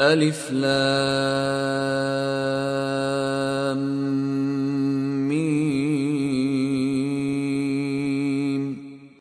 ألف لام